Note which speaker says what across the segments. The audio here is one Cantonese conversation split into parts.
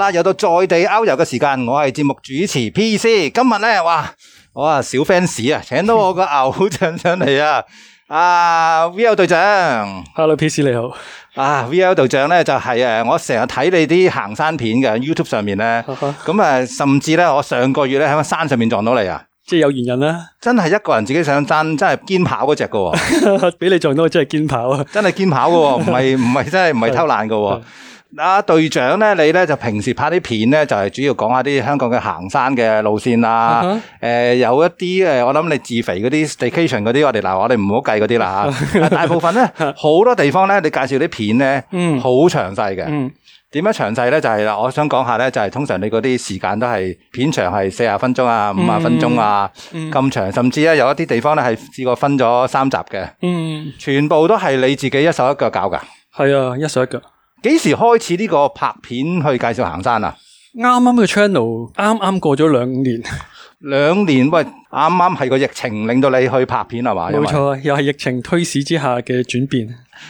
Speaker 1: 啦，又到在地歐遊嘅時間，我係節目主持 PC。今日咧，哇，我啊小 fans 啊，請到我個偶像上嚟 啊！啊，VL 隊長，Hello，PC 你好。啊，VL 隊長咧就係啊，我成日睇你啲行山片嘅 YouTube 上面咧，咁啊，甚至咧，我上個月咧喺山上面撞到你啊！即係有緣人啦。真係一個人自己上山，真係兼跑嗰隻㗎喎，俾 你撞到我真肩 真肩，真係兼跑啊！真係兼跑嘅喎，唔係唔係真係唔係偷懶㗎喎。 阿、啊、隊長咧，你咧就平時拍啲片咧，就係、是、主要講下啲香港嘅行山嘅路線啊。誒、uh -huh. 呃，有一啲誒，我諗你自肥嗰啲 station 嗰啲，我哋嗱我哋唔好計嗰啲啦吓。 大部分咧， 好多地方咧，你介紹啲片咧，嗯，好詳細嘅。點、嗯、樣詳細咧？就係啦，我想講下咧，就係、是、通常你嗰啲時間都係片長係四十分鐘啊，五十分鐘啊咁長，甚至咧有一啲地方咧係試過分咗三集嘅。嗯，全部都係你自己一手一腳搞噶。係啊，一手一腳。幾時開始呢個拍片去介紹行山啊？啱啱嘅 channel 啱啱過咗兩年，兩年喂，啱啱係個疫情令到你去拍片係嘛？冇錯，
Speaker 2: 又係疫情推使之下嘅轉變。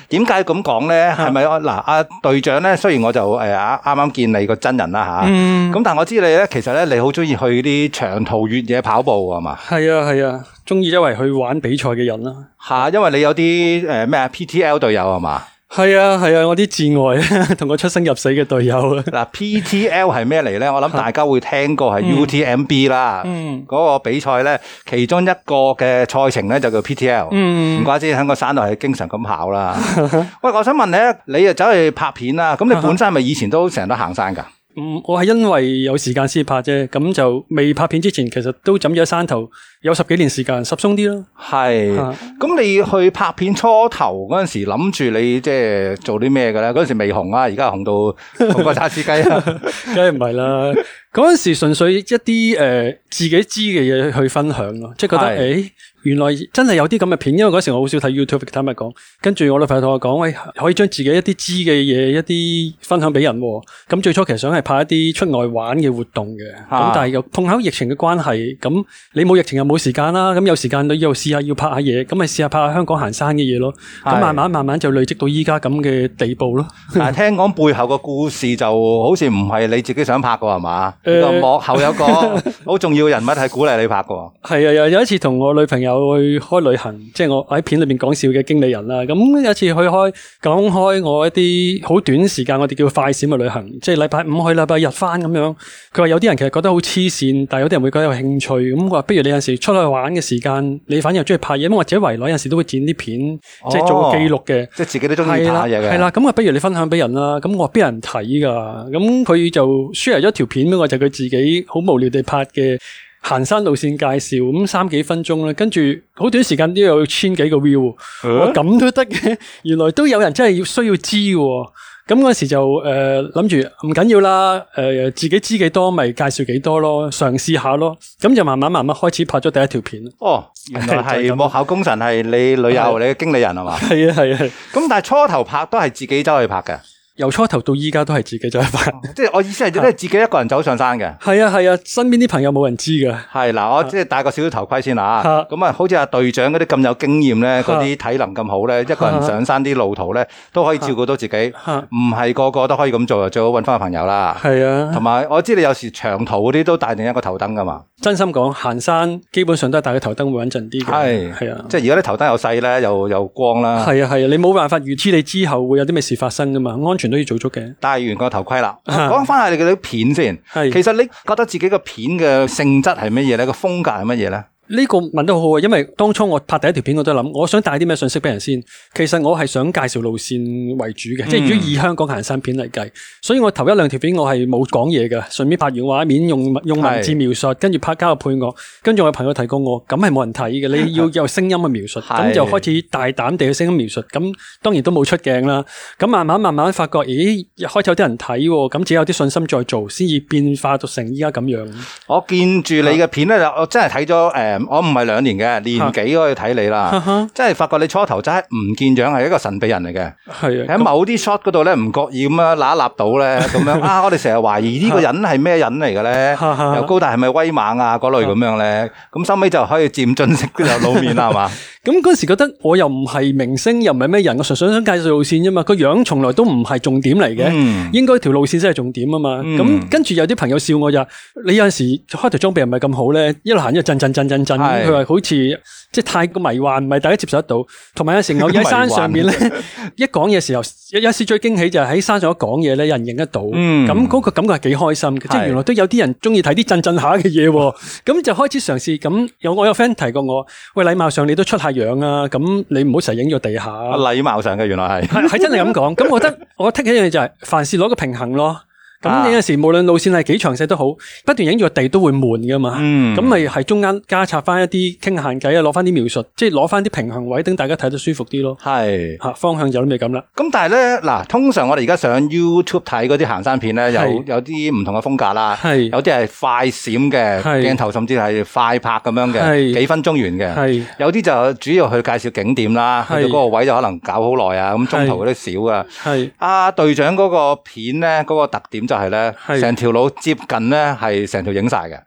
Speaker 1: 點解咁講咧？係、啊、咪啊？嗱，阿隊長咧，雖然我就誒啊啱啱見你個真人啦吓，咁、啊嗯、但係我知你咧，其實咧你好中意去啲長途越野跑步啊嘛？
Speaker 2: 係啊係啊，中意、啊、因為去玩比賽嘅人啦、啊、
Speaker 1: 吓、啊，因為你有啲誒咩 P T L 隊友係嘛？
Speaker 2: 係啊係啊，我啲摯愛啊，同 我出生入死嘅隊友啊。嗱，PTL
Speaker 1: 係咩嚟咧？ 我諗大家會聽過係 UTMB 啦，嗰、嗯嗯嗰個比賽咧，其中一個嘅賽程咧就叫 PTL、嗯。唔怪之喺個山度係經常咁跑啦。 喂，我想問你，你又走去拍片啦，咁你本身係咪以前都成日都行山噶？
Speaker 2: 嗯，我係因為有時間先拍啫，咁就未拍片之前，其實都枕咗山頭，有十幾年時間，十鬆啲咯。係，咁你去拍片初頭嗰陣時諗住
Speaker 1: 你即係做啲咩㗎咧？嗰陣時未紅啊，而家紅到紅過叉子雞啊，梗係
Speaker 2: 唔係啦。嗰陣時純粹一啲誒、呃、自己知嘅嘢去分享咯，即係覺得誒。原來真係有啲咁嘅片，因為嗰時候我好少睇 YouTube 嘅，坦白講。跟住我女朋友同我講，喂、哎，可以將自己一啲知嘅嘢一啲分享俾人。咁最初其實想係拍一啲出外玩嘅活動嘅，咁、啊、但係又碰巧疫情嘅關係，咁你冇疫情又冇時間啦。咁有時間都又試下要拍下嘢，咁咪試下拍下香港行山嘅嘢咯。咁慢慢慢慢就累積到依家咁嘅地步咯。但係聽
Speaker 1: 講背後嘅故事就好似唔係你自己想拍嘅係嘛？誒、哎，這個、幕後有個好重要嘅人物係鼓勵你拍嘅。
Speaker 2: 係啊，有一次同我女朋友。有去開旅行，即係我喺片裏邊講笑嘅經理人啦。咁有一次去開，講開我一啲好短時間，我哋叫快閃嘅旅行，即係禮拜五去，禮拜日翻，咁樣。佢話有啲人其實覺得好黐線，但係有啲人會覺得有興趣。咁我話不如你有陣時出去玩嘅時間，你反而又中意拍嘢。咁或者己圍內有陣時都會剪啲片，即係做記錄嘅，即係自己都中意拍嘢嘅。係啦，咁啊，不如你分享俾人啦。咁我話俾人睇噶？咁佢就 share 咗條片俾，我就係佢自己好無聊地拍嘅。行山路線介紹咁三幾分鐘啦。跟住好短時間都有千幾個 view，咁都得嘅，原來都有人真係要需要知喎。咁嗰時就誒諗住唔緊要啦，誒、呃呃、自己知幾多咪介紹幾多咯，嘗試下咯。咁就慢慢慢慢開始拍咗第一條片。
Speaker 1: 哦，原來係幕後功臣係你女友，你嘅經理人係嘛？係
Speaker 2: 啊係啊，咁但係
Speaker 1: 初頭拍都係自己走去拍嘅。
Speaker 2: 由初頭到依家都係自己走一翻，即係我意思係都係自
Speaker 1: 己一個人走上山嘅，啊。係啊
Speaker 2: 係啊，身邊啲朋友冇人知嘅。
Speaker 1: 係嗱，我即係戴個小小頭盔先吓，咁啊，好似阿隊長嗰啲咁有經驗咧，嗰啲體能咁好咧，啊，一個人上山啲路途咧都可以照顧到自己，唔係，啊啊，個個都可以咁做啊，最好搵翻個朋友啦。係啊，同埋我知你有時長途嗰啲都帶定一個頭燈噶嘛，啊。
Speaker 2: 真心講，行山基本上都係帶個頭燈會穩陣啲。係係啊，啊，
Speaker 1: 啊，即係而家啲頭燈又細呢，又又光啦，啊。係啊
Speaker 2: 係啊，你冇辦法預知你之後會有啲咩事發生噶嘛，安全。都要做足嘅，
Speaker 1: 戴完個頭盔啦。講翻下你嗰啲片先，其實你覺得自己個片嘅性質係乜嘢咧？個風格係乜嘢咧？呢、這個
Speaker 2: 問得好啊！因為當初我拍第一條片，我都諗，我想帶啲咩信息俾人先。其實我係想介紹路線為主嘅，嗯，即係如果以香港行山片嚟計，所以我頭一兩條片我係冇講嘢嘅，順便拍完畫面用，用用文字描述，跟住拍交個配樂，跟住我朋友提過我，咁係冇人睇嘅。你要有聲音嘅描述，咁 就開始大膽地嘅聲音描述。咁當然都冇出鏡啦。咁慢慢慢慢發覺，咦，開始有啲人睇喎。咁只有啲信心再做，先至變化到成依家咁樣。
Speaker 1: 我見住你嘅片咧，嗯，我真係睇咗我唔係兩年嘅年幾可以睇你啦，即係發覺你初頭真係唔見樣，係一個神秘人嚟嘅。係喺某啲 shot 嗰度咧，唔覺意咁啊，揦一立到咧，咁樣啊，我哋成日懷疑呢個人係咩人嚟嘅咧？又高大係咪威猛啊？嗰類咁樣咧？咁收尾就可以漸
Speaker 2: 進式嘅露面啦嘛。咁嗰時覺得我又唔係明星，又唔係咩人，我想想介紹路線啫、嗯、嘛。個樣從來都唔係重點嚟嘅，應該條路線先係重點啊嘛。咁跟住有啲朋友笑我就，你有陣時開頭裝備又唔係咁好咧，一路行一路震震震震。震佢話好似即係太過迷幻，唔係大家接受得到。同埋有成日喺山上面咧，一講嘢時候，有一次最驚喜就係喺山上咁講嘢咧，有人認得到。咁嗰個感覺係幾開心嘅，即係原來都有啲人中意睇啲震震下嘅嘢。咁就開始嘗試咁。有我有 friend 提過我，喂，禮貌上你都出下樣啊。咁你唔好成日影咗地下。禮貌上嘅，原來係係真係咁講。咁我覺得我聽起嚟就係凡事攞個平衡咯。咁你有時無論路線係幾詳細都好，不斷影住個地都會悶噶嘛。咁咪係中間加插翻一啲傾下偈啊，攞翻啲描述，即係攞翻啲平衡位，等大家睇得舒服啲咯。係，方向就咁樣咁
Speaker 1: 啦。咁但係咧，嗱，通常我哋而家上 YouTube 睇嗰啲行山片咧，有有啲唔同嘅風格啦。係，有啲係快閃嘅鏡頭，甚至係快拍咁樣嘅，幾分鐘完嘅。係，有啲就主要去介紹景點啦，去到嗰個位就可能搞好耐啊。咁中途嗰啲少噶。係，阿隊長嗰個片咧，嗰、嗰個特點。就係呢成條路接近呢係成條影晒嘅。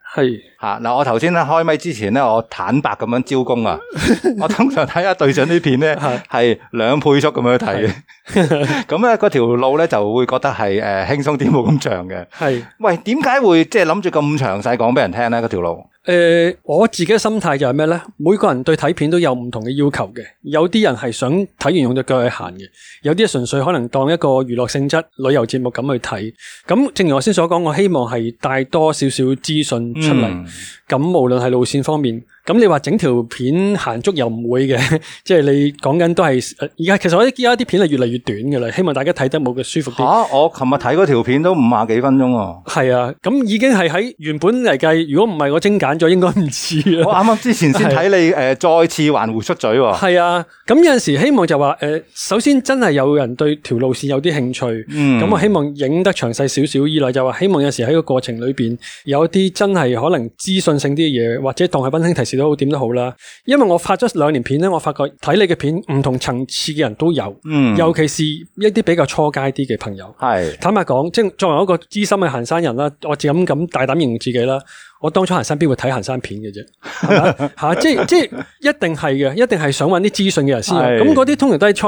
Speaker 1: 吓、啊、嗱，我頭先開咪之前咧，我坦白咁樣招供啊！ 我通常睇下對象啲片咧，係兩倍速咁樣睇嘅。咁咧，嗰條路咧就會覺得係誒輕鬆啲，冇咁長嘅。係喂，點解會即係諗住咁詳細講俾人聽咧？嗰條路
Speaker 2: 誒，我自己嘅心態就係咩咧？每個人對睇片都有唔同嘅要求嘅。有啲人係想睇完用隻腳去行嘅，有啲純粹可能當一個娛樂性質旅遊節目咁去睇。咁正如我先所講，我希望係帶多少少資訊出嚟。嗯咁無論係路線方面。咁你話整條片行足又唔會嘅，即係你講緊都係，而家其實我而家啲片係越嚟越短嘅啦，希望大家睇得冇咁舒服啲。啊我琴日睇嗰條片都五廿幾分鐘喎。係啊，咁、啊、已經係喺原本嚟計，如果唔係我精簡咗，應該唔似啦。我啱啱之前先睇
Speaker 1: 你誒、啊呃，再次環湖出咀喎。係
Speaker 2: 啊，咁、啊、有陣時希望就話，誒，首先真係有人對條路線有啲興趣，咁、嗯、我希望影得詳細少少。二嚟就話，希望有時喺個過程裏邊有啲真係可能資訊性啲嘢，或者當係溫馨提示。都好點都好啦，因為我發咗兩年片咧，我發覺睇你嘅片唔同層次嘅人都有，嗯，尤其是一啲比較初階啲嘅朋友。係坦白講，即係作為一個資深嘅行山人啦，我咁咁大膽形容自己啦，我當初行山邊會睇行山片嘅啫，係嘛吓，即係即係一定係嘅，一定係想揾啲資訊嘅人先，咁嗰啲通常都係初。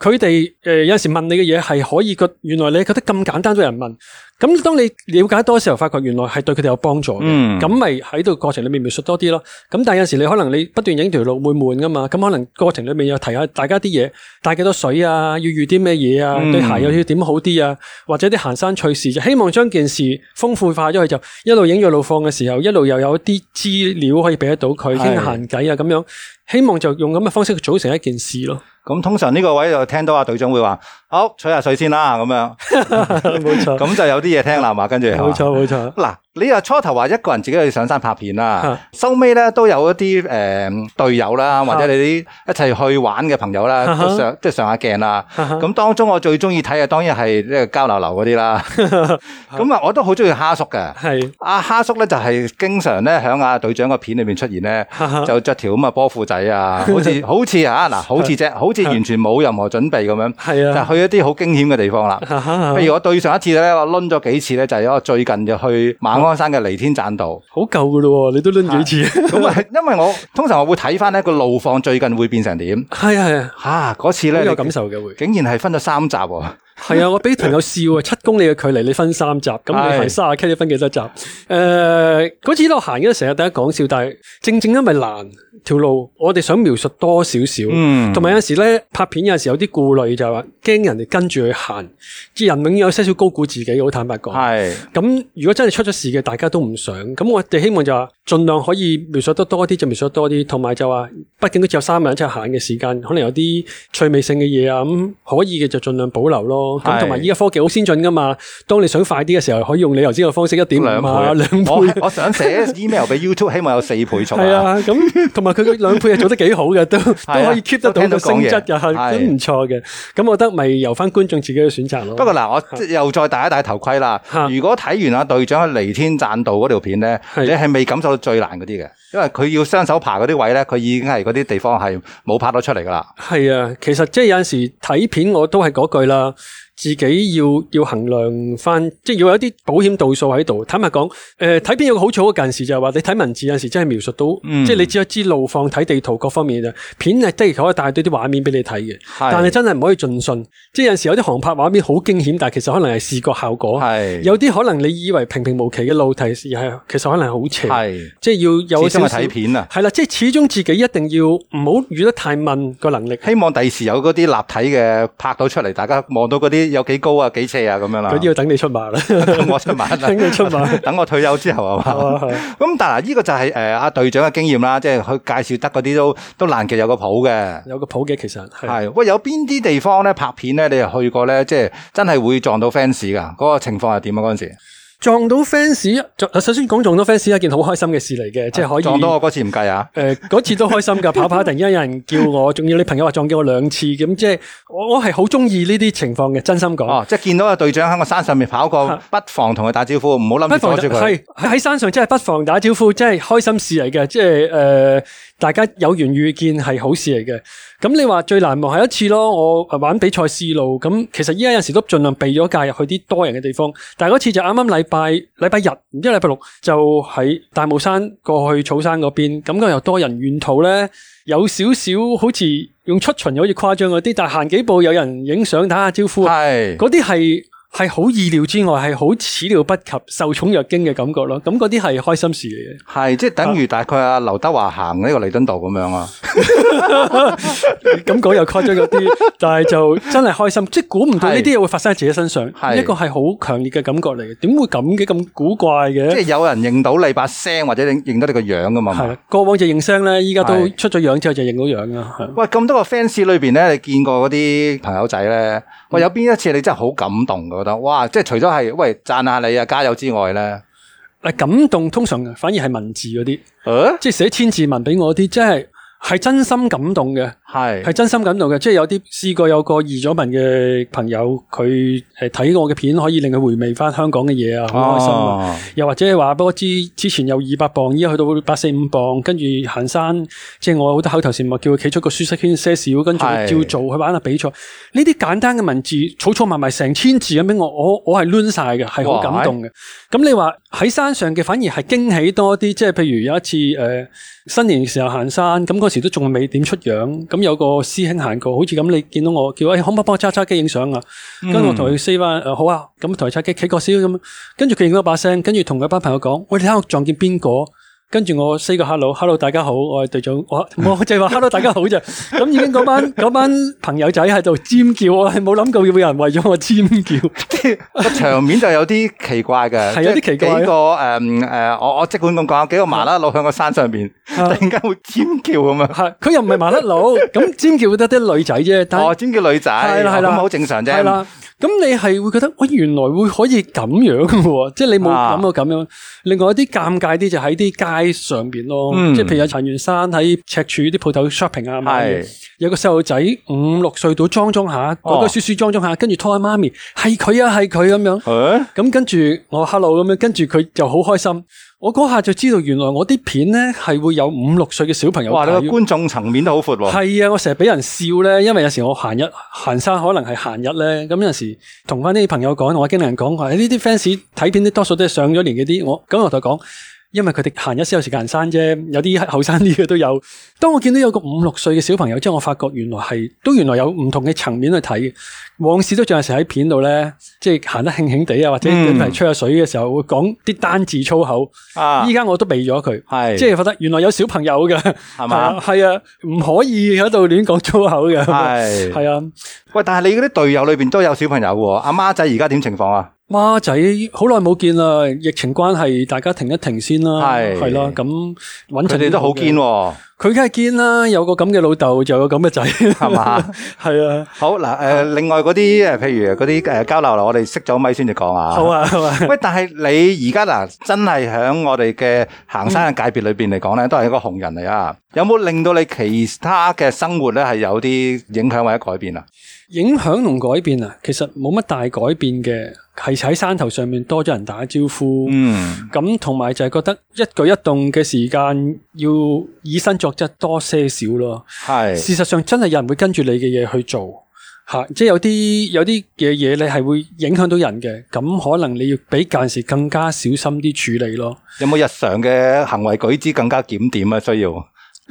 Speaker 2: 佢哋誒有陣時問你嘅嘢係可以覺，原來你覺得咁簡單都有人問，咁當你了解多時候，發覺原來係對佢哋有幫助嘅，咁咪喺度過程裏面描述多啲咯。咁但係有時你可能你不斷影條路會悶噶嘛，咁可能過程裏面又提下大家啲嘢，帶幾多水啊，要預啲咩嘢啊，對、嗯、鞋又要點好啲啊，或者啲行山趣事，就希望將件事豐富化咗佢，就一路影住路況嘅時候，一路又有啲資料可以俾得到佢，傾下閒偈啊咁樣。希望就用咁嘅方式去組成一件事咯。咁通常呢個位就聽到阿隊長
Speaker 1: 會話。好取下水先啦，咁樣冇錯，咁 就有啲嘢聽啦嘛，跟住，冇錯冇錯。嗱，你又初頭話一個人自己去上山拍片啦，收尾咧都有一啲誒隊友啦，或者你啲一齊去玩嘅朋友啦， 都上即係上下鏡啦。咁 當中我最中意睇嘅當然係呢個交流流嗰啲啦。咁 啊，我都好中意蝦叔嘅，係阿蝦叔咧就係經常咧響阿隊長個片裏面出現咧， 就着條咁嘅波褲仔 啊，好似好似啊，嗱，好似只 好似完全冇任何準備咁樣，係 啊，就去。一啲好驚險嘅地方啦，譬如我對上一次咧，我掄咗幾次咧，就係、是、哦最近就去馬鞍山嘅彌天棧道，
Speaker 2: 好舊噶啦，你都掄幾次，咁啊，因為我通常
Speaker 1: 我會睇返呢個路況最近會變成點，係啊係啊，吓嗰次咧，有感受嘅會，竟然係分咗三集。嗯
Speaker 2: 係 啊，我俾朋友笑啊！七公里嘅距離，你分三集咁，你行卅 K，你分幾多集？誒、uh, 呃，嗰次度行嘅成日大家講笑，但係正正因為難條路，我哋想描述多少少，嗯，同埋有陣時咧拍片，有陣時有啲顧慮就話、是、驚人哋跟住去行，人永遠有些少高估自己，好坦白講係。咁如果真係出咗事嘅，大家都唔想。咁我哋希望就話盡量可以描述得多啲，就描述多啲。同埋就話，畢竟都只有三個人一齊行嘅時間，可能有啲趣味性嘅嘢啊，咁可以嘅就盡量保留咯。咁同埋依家科技好先進噶嘛？當你想快啲嘅時候，可以用你頭先個方式一點兩倍兩倍。我， 我想寫 email 俾 YouTube，希望有四倍速。係啊，咁同埋佢個兩倍係做得幾好嘅，都、啊、都可以 keep 得到個、so、聲質，又係、啊、都唔錯嘅。咁我覺得咪由翻觀眾自己嘅選擇咯、啊。不過
Speaker 1: 嗱，我又再戴一戴頭盔啦。啊、如果睇完阿隊長喺離天棧道嗰條片咧、啊，你係未感受到最難嗰啲嘅，因為佢要雙手爬嗰啲位咧，佢已經係嗰啲地方係冇拍到出嚟噶啦。
Speaker 2: 係啊，其實即係有陣時睇片我都係嗰句啦。自己要要衡量翻，即係要有啲保險度數喺度。坦白講，誒、呃、睇片有個好處，嗰件事就係話你睇文字有陣時真係描述到，嗯、即係你只有知路況、睇地圖各方面嘅片係的係可以帶到啲畫面俾你睇嘅，但係真係唔可以盡信。即係有陣時有啲航拍畫面好驚險，但係其實可能係視覺效果。係有啲可能你以為平平無奇嘅路提，其實可能係好斜。即係要有少少睇片啊。係啦，即係始終自己一定要唔好預得太問個能力。希望第時有嗰啲立體嘅拍到
Speaker 1: 出嚟，大家望到嗰啲。.有幾高啊？幾斜啊？咁樣啦，佢
Speaker 2: 要等你出馬啦，
Speaker 1: 我出馬啦，等我出馬 等我退休之後係嘛？咁、 哦、但係呢個就係誒阿隊長嘅經驗啦，即係佢介紹得嗰啲都都難，其有個譜嘅，有個譜嘅其實係喂，有邊啲地方咧拍片咧？你又去過咧？即、就、係、是、真係會撞到 fans 㗎？嗰、那個情況係點啊？嗰陣時。撞到
Speaker 2: fans，首先講撞到 fans 係一件好開心嘅事嚟嘅，即係可以撞到我嗰次唔計啊！誒、呃，嗰次都開心噶， 跑跑突然間有人叫我，仲要你朋友話撞見我兩次，咁即係我我係好中意呢啲情況嘅，真心講哦、啊，即係見到一個隊長喺個山上面跑過，啊、不妨同佢打招呼，唔好諗住。不妨係喺山上，即係不妨打招呼，即係開心嘅事嚟嘅，即係誒。呃大家有緣遇見係好事嚟嘅，咁你話最難忘係一次咯。我玩比賽試路，咁其實依家有時都盡量避咗假日去啲多人嘅地方，但係嗰次就啱啱禮拜禮拜日，唔知禮拜六就喺大帽山過去草山嗰邊，感覺又多人沿途呢，有少少好似用出巡好似誇張嗰啲，但係行幾步有人影相打下招呼，嗰啲係。係好意料之外，係好始料不及、受寵若驚嘅感覺咯。咁嗰啲係開心事嚟
Speaker 1: 嘅。係即係等於大概阿劉德華行呢個彌敦道咁樣啊。
Speaker 2: 咁講又誇張啲，但係就真係開心，即係估唔到呢啲嘢會發生喺自己身上。係一個係好強烈嘅感覺嚟嘅，點會咁嘅咁古怪嘅？即係有人認到你把聲，或者認認得你個樣噶嘛？係啊，過往就認聲咧，依家都出咗樣之後就認到樣啦。
Speaker 1: 喂，咁多個 fans 裏邊咧，你見過嗰啲朋友仔咧？喂，有邊一次你真係好感動嘅？覺得哇，即係除咗係喂讚下你啊加油之外咧，
Speaker 2: 感動通常反而係文字嗰啲，誒、啊、即係寫千字文俾我啲，即係係真心感動嘅。係，係真心感動嘅，即係有啲試過有個移咗民嘅朋友，佢係睇我嘅片，可以令佢回味翻香港嘅嘢啊，好開心。啊、又或者話，俾我知，之前有二百磅，依家去到百四五磅，跟住行山，即係我好多口頭禪，咪叫佢企出個舒適圈些少，跟住照做去玩下比賽。呢啲簡單嘅文字，草草埋埋成千字咁俾我，我我係攣晒嘅，係好感動嘅。咁你話喺山上嘅，反而係驚喜多啲，即係譬如有一次誒、呃、新年嘅時候行山，咁嗰時都仲未點出樣咁。有個師兄行過，好似咁你見到我叫喂，可唔可以幫我揸揸機影相啊？
Speaker 1: 跟住我同佢
Speaker 2: say 翻，誒好啊，咁台揸機企個先咁，跟住佢影咗把聲，跟住同佢班朋友講，我哋睇下我撞見邊個。跟住我 say 個 hello，hello hello，大家好，我係隊長，我我就話 hello 大家好啫。咁已經嗰班班朋友仔喺度尖叫，我係冇諗到會有人為咗我尖叫，即係個場面就有啲奇怪嘅，係、 就是、有啲奇怪，啊嗯。
Speaker 1: 個誒誒，我我即管咁講，幾個麻甩佬響個山上邊，啊、突
Speaker 2: 然間會尖叫咁樣，佢、啊、 又唔係麻甩佬，咁 尖叫得啲女仔啫。哦，尖叫女仔，係啦係啦，好正常啫。咁你係會覺得，我、哦、原來會可以咁樣嘅喎、哦，即係你冇諗到咁樣。啊、另外一啲尷尬啲就喺啲街上邊咯，即、嗯、係譬如陳元山喺赤柱啲鋪頭 shopping 啊，有個細路仔五六歲到裝裝下，嗰、嗰個書書裝裝下，跟、哦、住拖開媽咪，係佢啊係佢咁樣，咁跟住我 hello 咁樣，跟住佢就好開心。我嗰下就知道，原來我啲片咧係會有五六歲嘅小朋友睇。哇！你個觀眾層面都好闊喎。係啊，我成日俾人笑咧，因為有時我閒日行山，可能係閒日咧。咁有陣時同翻啲朋友講，我經理人講，話呢啲 fans 睇片啲多數都係上咗年嘅啲我。咁我就講。因為佢哋行一啲有時間行山啫，有啲後生啲嘅都有。當我見到有個五六歲嘅小朋友之後，我發覺原來係都原來有唔同嘅層面去睇嘅。往事都仲有成喺片度咧，即係行得興興地啊，或者一齊吹下水嘅時候，會講啲單字粗口。依、啊、家我都避咗佢，即係覺得原來有小朋友嘅，係嘛？係啊，唔、啊、可以喺度亂講粗口嘅。係啊。喂，但係你嗰啲隊
Speaker 1: 友裏邊都有小朋友喎。阿媽仔而家點情況啊？
Speaker 2: 孖仔好耐冇見啦，疫情關係，大家停一停先啦，係啦，咁，佢哋都好堅、啊，佢梗係堅啦，有個咁嘅老豆，就有個咁嘅仔，係嘛，係 啊，好嗱，誒、呃嗯，另外嗰
Speaker 1: 啲誒，譬如嗰啲誒交流啦，我哋熄咗咪先至講啊，好啊，好啊。喂，但係你而家嗱，真係喺我哋嘅行山嘅界別裏邊嚟講咧，都係一個紅人嚟啊，有冇令到你其他嘅生活咧係有啲影響或者改變啊？
Speaker 2: 影響同改變啊，其實冇乜大改變嘅，係喺山頭上面多咗人打招呼。嗯，咁同埋就係覺得一舉一動嘅時間，要以身作則多些少咯。係事實上真係有人會跟住你嘅嘢去做，吓、啊，即係有啲有啲嘅嘢，你係會影響到人嘅。咁可能你要比嗰陣時更加小心啲處理咯。
Speaker 1: 有冇日常嘅行為舉止更加檢點啊？需要？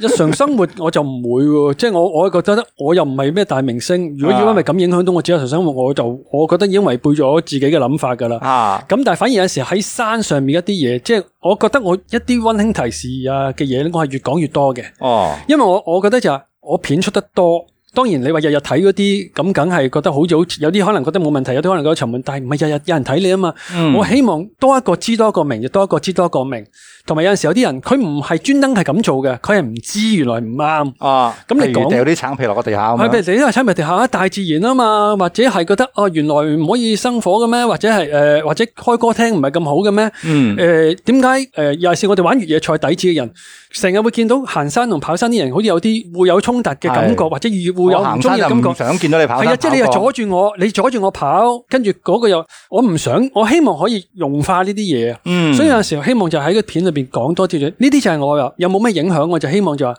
Speaker 2: 日常生活我就唔會喎，即係我我覺得我又唔係咩大明星，如果因為咁影響到我日常生活，我就我覺得已經違背咗自己嘅諗法㗎啦。咁但係反而有時喺山上面一啲嘢，即係我覺得我一啲溫馨提示啊嘅嘢，我係越講越多嘅。哦，因為我我覺得就係我片出得多。當然你話日日睇嗰啲咁，梗係覺得好早。有啲可能覺得冇問題，有啲可能覺得沉悶。但係唔係日日有人睇你啊嘛？嗯、我希望多一個知多一個明，多一個知多一個明。同埋有陣時有啲人佢唔係專登係咁做嘅，佢係唔知原來唔啱啊。
Speaker 1: 咁你講有啲橙皮落個地下啊？譬如
Speaker 2: 掉啲橙皮地下，大自然啊嘛，或者係覺得哦、啊、原來唔可以生火嘅咩？或者係誒、呃、或者開歌廳唔係咁好嘅咩？誒點解誒？尤其是我哋玩越野賽底子嘅人，成日會見到行山同跑山啲人，好似有啲會有衝突嘅感覺，或者有行山就唔想見到你跑。係啊，即係你又阻住我，你阻住我跑，跟住嗰個又，我唔想，我希望可以融化呢啲嘢啊。嗯，所以有時候希望就喺個片裏面講多啲。呢啲就係我話，有冇咩影響？我就希望就話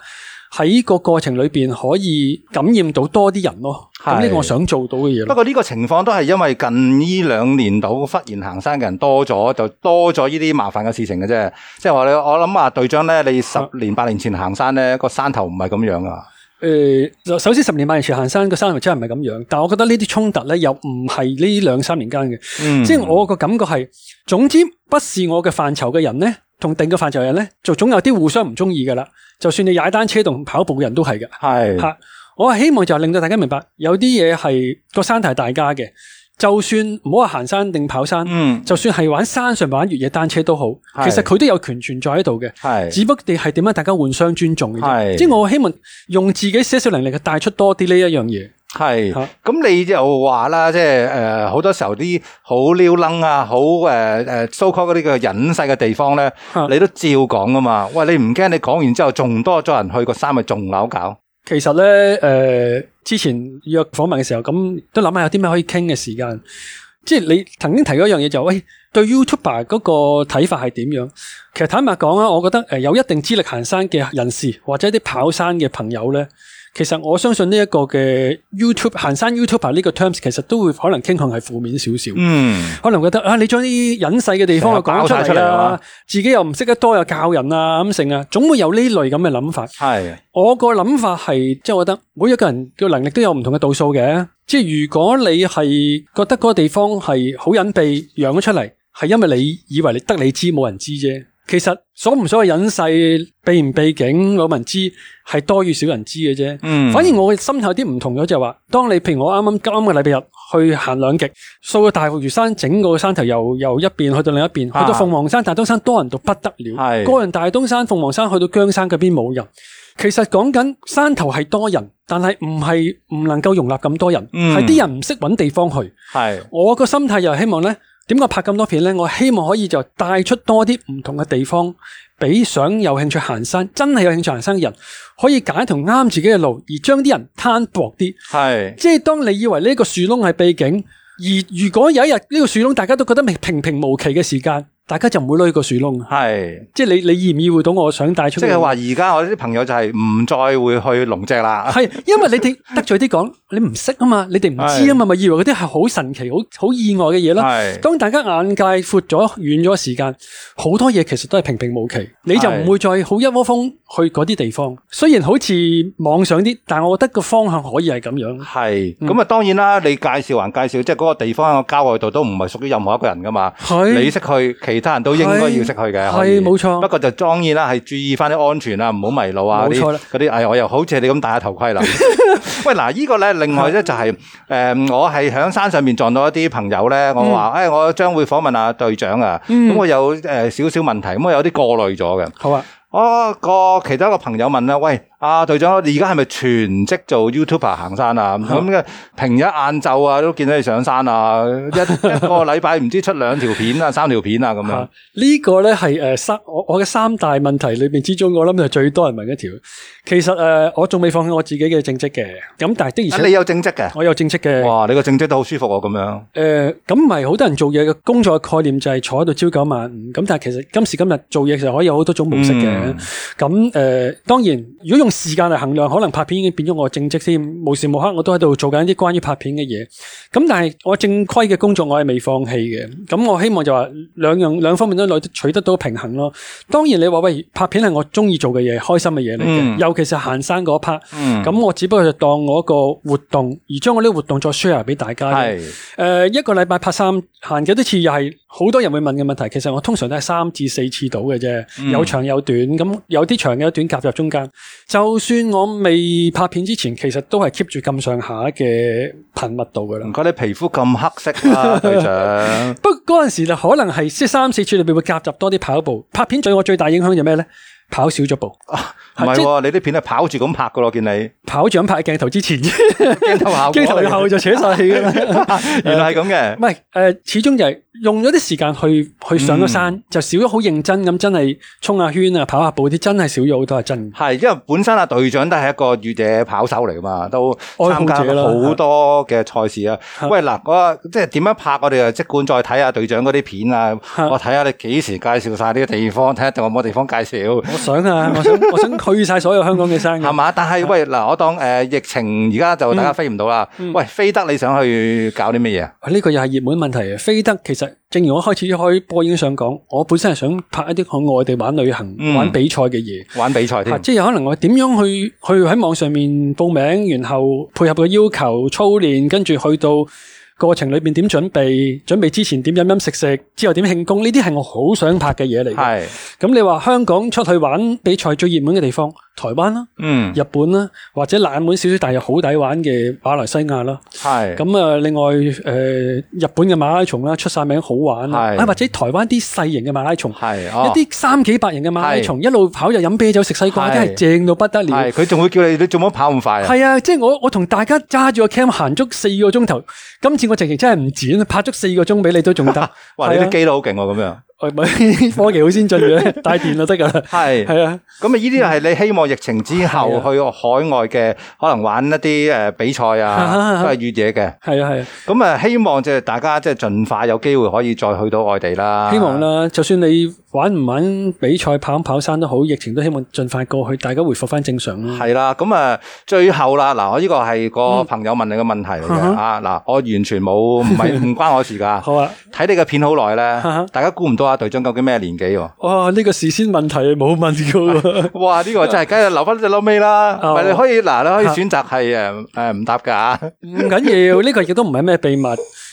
Speaker 2: 喺個過程裏面可以感染到多啲人咯。係，呢個我想做到嘅嘢。不過
Speaker 1: 呢個情況都係因為近呢兩年度忽然行山嘅人多咗，就多咗呢啲麻煩嘅事情嘅啫。即係我我諗啊，隊長咧，你十年八年前行山咧，個山頭唔係咁樣啊。
Speaker 2: 誒、呃，首先十年八年前行山個山頭真係唔係咁樣，但係我覺得呢啲衝突咧又唔係呢兩三年間嘅，嗯、即係我個感覺係總之不是我嘅範疇嘅人咧，同定個範疇嘅人咧就總有啲互相唔中意噶啦，就算你踩單車同跑步人都係嘅，係吓，我係希望就令到大家明白，有啲嘢係個山頭係大家嘅。就算唔好話行山定跑山，嗯、就算係玩山上玩越野單車都好，其實佢都有權存在喺度嘅，只不過係點樣大家互相尊重嘅。即係我希望用自己少少能力去帶出多啲呢一樣嘢。係
Speaker 1: 咁、啊、你又話啦，即係誒好多時候啲好撩楞啊，好誒誒 so-called 嗰啲嘅隱世嘅地方咧、啊，你都照講㗎嘛？喂，你唔驚你講完之後仲多咗人去個山咪
Speaker 2: 仲攞搞？其實咧，誒、呃，之前約訪問嘅時候，咁都諗下有啲咩可以傾嘅時間。即係你曾經提過一樣嘢就喂、係哎，對 YouTuber 嗰個睇法係點樣？其實坦白講啊，我覺得誒，有一定資歷行山嘅人士或者啲跑山嘅朋友咧。其實我相信呢一個嘅 YouTube 行山 YouTuber 呢個 terms 其實都會可能傾向係負面少少，可能覺得啊你將啲隱世嘅地方又講出嚟啦，自己又唔識得多又教人啊，咁成啊，總會有呢類咁嘅諗法。係，我個諗法係，即係我覺得每一個人嘅能力都有唔同嘅度數嘅。即係如果你係覺得嗰個地方係好隱蔽，揚咗出嚟，係因為你以為你得你知，冇人知啫。其實所唔所謂隱世秘唔秘景，我唔知係多與少人知嘅啫。嗯，反而我嘅心態有啲唔同咗，就係話，當你譬如我啱啱今個禮拜日去行兩極，掃個大嶼山，整個山頭由由一邊去到另一邊，啊、去到鳳凰山大東山，多人到不得了。係個人大東山鳳凰山去到姜山嗰邊冇人。其實講緊山頭係多人，但係唔係唔能夠容納咁多人，係、嗯、啲人唔識揾地方去。係我個心態又係希望咧。點解拍咁多片呢？我希望可以就帶出多啲唔同嘅地方，俾想有興趣行山、真係有興趣行山嘅人，可以揀同啱自己嘅路，而將啲人攤薄啲。
Speaker 1: 係，
Speaker 2: 即係當你以為呢個樹窿係秘景，而如果有一日呢個樹窿大家都覺得平平無奇嘅時間。大家就唔會匿個樹窿，係，即係你你意唔意會到我想帶出去？即係話而家我啲朋友就係唔再
Speaker 1: 會去龍脊啦。係，
Speaker 2: 因為你哋得罪啲講， 你唔識啊嘛，你哋唔知啊嘛，咪以為嗰啲係好神奇，好好意外嘅嘢咯。咁當大家眼界闊咗，遠咗時間，好多嘢其實都係平平無奇，你就唔會再好一窩蜂去嗰啲地方。雖然好似妄想啲，但係我覺得個方向可以係咁樣。係咁啊，當然啦，你介紹還
Speaker 1: 介紹，即係嗰個地方喺個郊外度都唔係屬於任何一個人噶嘛。係，你識去其他人都應該要識去嘅，係冇錯。不過就裝啲啦，係注意翻啲安全啦，唔好迷路啊！嗰啲嗰啲，哎，我又好似你咁戴下頭盔 啦。喂，嗱，呢個咧，另外咧就係、是，誒、呃，我係喺山上面撞到一啲朋友咧，我話，誒、嗯哎，我將會訪問下隊長啊。咁、嗯、我有少少、呃、問題，咁我有啲過濾咗嘅。好啊，我個其他個朋友問啦，喂。啊，隊長，我而家係咪全職做 YouTuber 行山啊？咁、啊、嘅平日晏晝啊，都見到你
Speaker 2: 上山啊，一
Speaker 1: 一個禮拜
Speaker 2: 唔知出兩條片啊， 三條片啊咁樣呢、啊呢個咧係誒三我我嘅三大問題裏面之中，我諗就最多人問一條。其實誒、呃，我仲未放棄我自己嘅正職嘅。咁但係的而且、啊，你有正職嘅，我有正職
Speaker 1: 嘅。哇，你個正職都好舒服喎、啊、咁樣。
Speaker 2: 誒、呃，咁唔係好多人做嘢嘅工作概念就係坐喺度朝九晚五。咁但係其實今時今日做嘢其實可以有好多種模式嘅。咁、嗯、誒、啊，當然如果用。時間嚟衡量，可能拍片已經變咗我嘅正職先，無時無刻我都喺度做緊一啲關於拍片嘅嘢。咁但係我正規嘅工作我係未放棄嘅。咁我希望就話兩樣兩方面都取得到平衡咯。當然你話喂，拍片係我中意做嘅嘢，開心嘅嘢嚟嘅，嗯、尤其是行山嗰一 part。咁、嗯、我只不過就當我一個活動，而將我啲活動再 share 俾大家。誒、呃，一個禮拜拍三。行幾多次又係好多人會問嘅問題，其實我通常都係三至四次到嘅啫，有長有短，咁有啲長嘅有短夾入中間。就算我未拍片之前，其實都係 keep 住咁上下嘅頻密度喇。啦。唔怪你皮膚咁黑色啊 隊長笑不過嗰陣時就可能係即係三四次裏面會夾雜多啲跑步拍片，對我最大影響就咩咧？跑少咗步，
Speaker 1: 唔係喎，你啲片係跑住咁
Speaker 2: 拍噶咯，我見你跑住咁拍鏡頭之前，鏡頭後鏡頭後就扯晒氣噶啦，原來係咁嘅，唔係誒，始終就係用咗啲時間去去上咗山、嗯，就少咗好認真咁，真係衝下圈啊，跑下步啲，真係少咗好多真係，因為本身阿、啊、隊長
Speaker 1: 都係一個越野跑手嚟噶嘛，都參加咗好多嘅賽事啊。喂嗱、嗰個，即係點樣拍我哋啊？即管再睇下隊長嗰啲片啊，我睇下你幾時介紹晒呢個地方，睇下仲有冇地方介紹。 我想啊，我想我想去晒所有香港嘅山係嘛？但係喂嗱，我當誒、呃、疫情而家就大家飛唔到啦。喂，飛、嗯、得你想去搞
Speaker 2: 啲咩嘢啊？呢、呢個又係熱門問題啊！飛得其實正如我開始開播已經想講，我本身係想拍一啲去外地玩旅行、玩比賽嘅嘢，玩比賽添、啊。即係可能我點樣去去喺網上面報名，然後配合個要求操練，跟住去到。過程裏邊點準備，準備之前點飲飲食食，之後點慶功，呢啲係我好想拍嘅嘢嚟。係咁，你話香港出去玩比賽最熱門嘅地方，台灣啦、啊，嗯，日本啦、啊，或者冷門少少但又好抵玩嘅馬來西亞啦，係咁啊。另外誒、呃，日本嘅馬拉松啦、啊，出晒名好玩啊，啊或者台灣啲細型嘅馬拉松，係、哦、一啲三幾百人嘅馬拉松，一路跑又飲啤酒食西瓜，真係正到不得了。佢仲會
Speaker 1: 叫你你做乜跑咁快？係、啊、
Speaker 2: 係啊，即係我我同大家揸住個 cam 行足四個鐘頭，今次。我直情真係唔剪，拍足四個鐘俾你都仲得。 哇！你啲機
Speaker 1: 都好勁咁樣。
Speaker 2: 科技好先進
Speaker 1: 嘅，帶電就得噶啦。係 係啊，咁啊，呢啲係你希望疫情之後去海外嘅、啊，可能玩一啲誒比賽啊，啊，都係越野嘅。
Speaker 2: 係啊係
Speaker 1: 啊，咁啊，希望即係大家即係盡快有機會可以再去到外地啦。希望
Speaker 2: 啦，就算你玩唔玩比賽跑唔跑山都好，疫情都希望盡快過去，大家回復翻正常啦。係啦，
Speaker 1: 咁啊，最後啦，嗱，我呢個係個朋友問你嘅問題嚟嘅、嗯。啊，嗱、啊，我完全冇，唔係唔關我的事噶。好啊，睇你嘅片好耐咧，大家估唔到。隊長究竟咩年紀喎？
Speaker 2: 哦，呢、這個事先問題冇問過、啊。哇，呢、這個真係梗係留翻隻老尾啦。唔係、哦、你可以，嗱你可以選
Speaker 1: 擇係誒誒唔答噶。
Speaker 2: 唔緊要，呢、啊啊啊嗯、 個亦都唔係咩秘密。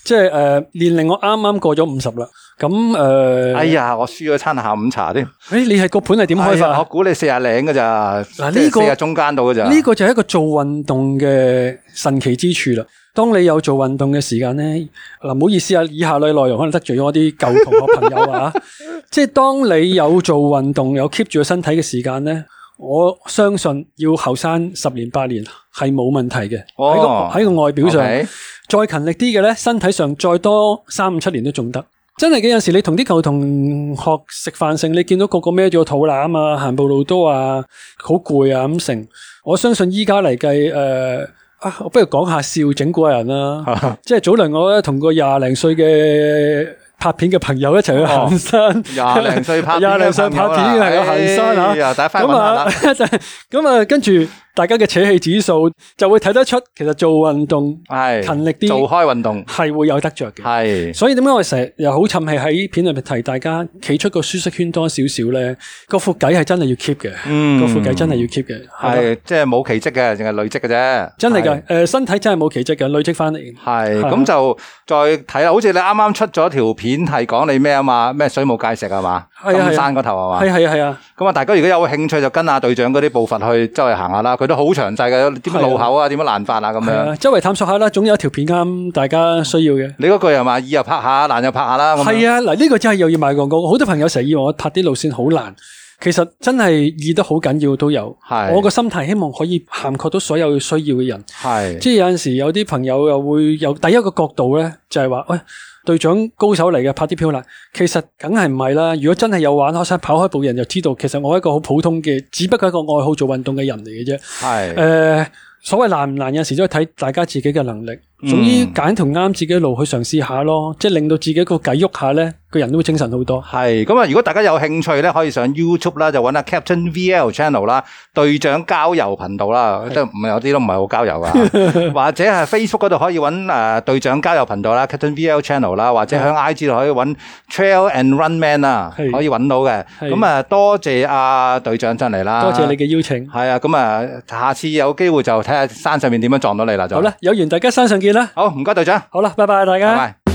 Speaker 2: 即係誒，年齡我啱啱過咗五十啦，咁、呃、誒，哎呀，我輸咗餐
Speaker 1: 下午茶添。誒、哎，你係個盤係點開法、哎？我估你四廿零噶咋？嗱，呢、這個四廿中間度噶咋？呢、這個
Speaker 2: 就係一個做運動嘅神奇之處啦。當你有做運動嘅時間咧，嗱，唔好意思啊，以下類內容可能得罪咗我啲舊同學朋友啊 即係當你有做運動，有 keep 住個身體嘅時間咧。我相信要後生十年八年係冇問題嘅，喺、哦、個喺個外表上，okay? 再勤力啲嘅咧，身體上再多三五七年都仲得。真係有陣時你同啲舊同學食飯性你見到個個孭咗肚腩啊，行步路都話，好攰啊咁成。我相信依家嚟計誒啊，我不如講下笑整過人啦， 即係早年我咧同個廿零歲嘅。拍片嘅朋友一齊去行山，廿零歲拍廿零歲拍片係去行山啊！咁啊，咁啊，跟住。 大家嘅扯氣指數就會睇得出，其實做運動係勤力啲，做開運動係會有得着嘅。係，所以點解我成日又好氹氣喺片入面提大家企出個舒適圈多少少咧？個腹肌係真係要 keep 嘅，個、嗯、腹肌真係要 keep 嘅。係
Speaker 1: 即係冇奇蹟嘅，淨係累積嘅啫。真係嘅，誒身體真係冇奇蹟嘅，累積翻嚟。係咁就再睇下，好似你啱啱出咗條片係講你咩啊嘛？咩水母界石啊嘛？
Speaker 2: 金山個
Speaker 1: 頭啊嘛？係係係啊！咁啊，大家如果有興趣就跟下隊長嗰啲步伐去周圍行下啦。都好詳細嘅，啲樣路口啊，點樣、啊、難法啊，咁樣、啊。
Speaker 2: 周圍探索下啦，總有一條片啱大家需要嘅。你
Speaker 1: 嗰句又話：易又拍下，難又拍下啦。係啊，
Speaker 2: 嗱、這、呢個真係又要賣廣告。好多朋友成日以為我拍啲路線好難，其實真係易得好緊要都有。我個心態希望可以涵蓋到所有需要嘅人。即係有陣時有啲朋友又會有第一個角度咧，就係話喂。隊長高手嚟嘅，拍啲片難，其實梗係，唔係啦。如果真係有玩，開想跑開步人就知道，其實我係一個好普通嘅，只不過係一個愛好做運動嘅人嚟嘅啫。係、hey. 誒、呃，所謂難唔難，有陣時都係睇大家自己嘅能力。嗯、總之揀同啱自己一路去嘗試下咯，即係令到自己個計喐下咧，個人都會精神好多。
Speaker 1: 係咁啊！如果大家有興趣咧，可以上 YouTube 啦，就搵下 Captain VL Channel 啦，隊長郊遊頻道啦，即係唔係有啲都唔係好郊遊啊， 或者係 Facebook 嗰度可以搵誒隊長郊遊頻道啦，Captain VL Channel 啦，或者喺 IG 度可以搵 Trail and Run Man 啊，可以搵到嘅。咁啊，多謝阿、啊、隊長上嚟啦，多謝你嘅邀請。係啊，咁啊，下次有機會就睇下山上面點樣撞到你啦。好啦，有緣大家山上見。好，唔該隊長。好啦，拜拜
Speaker 2: 大家。拜拜。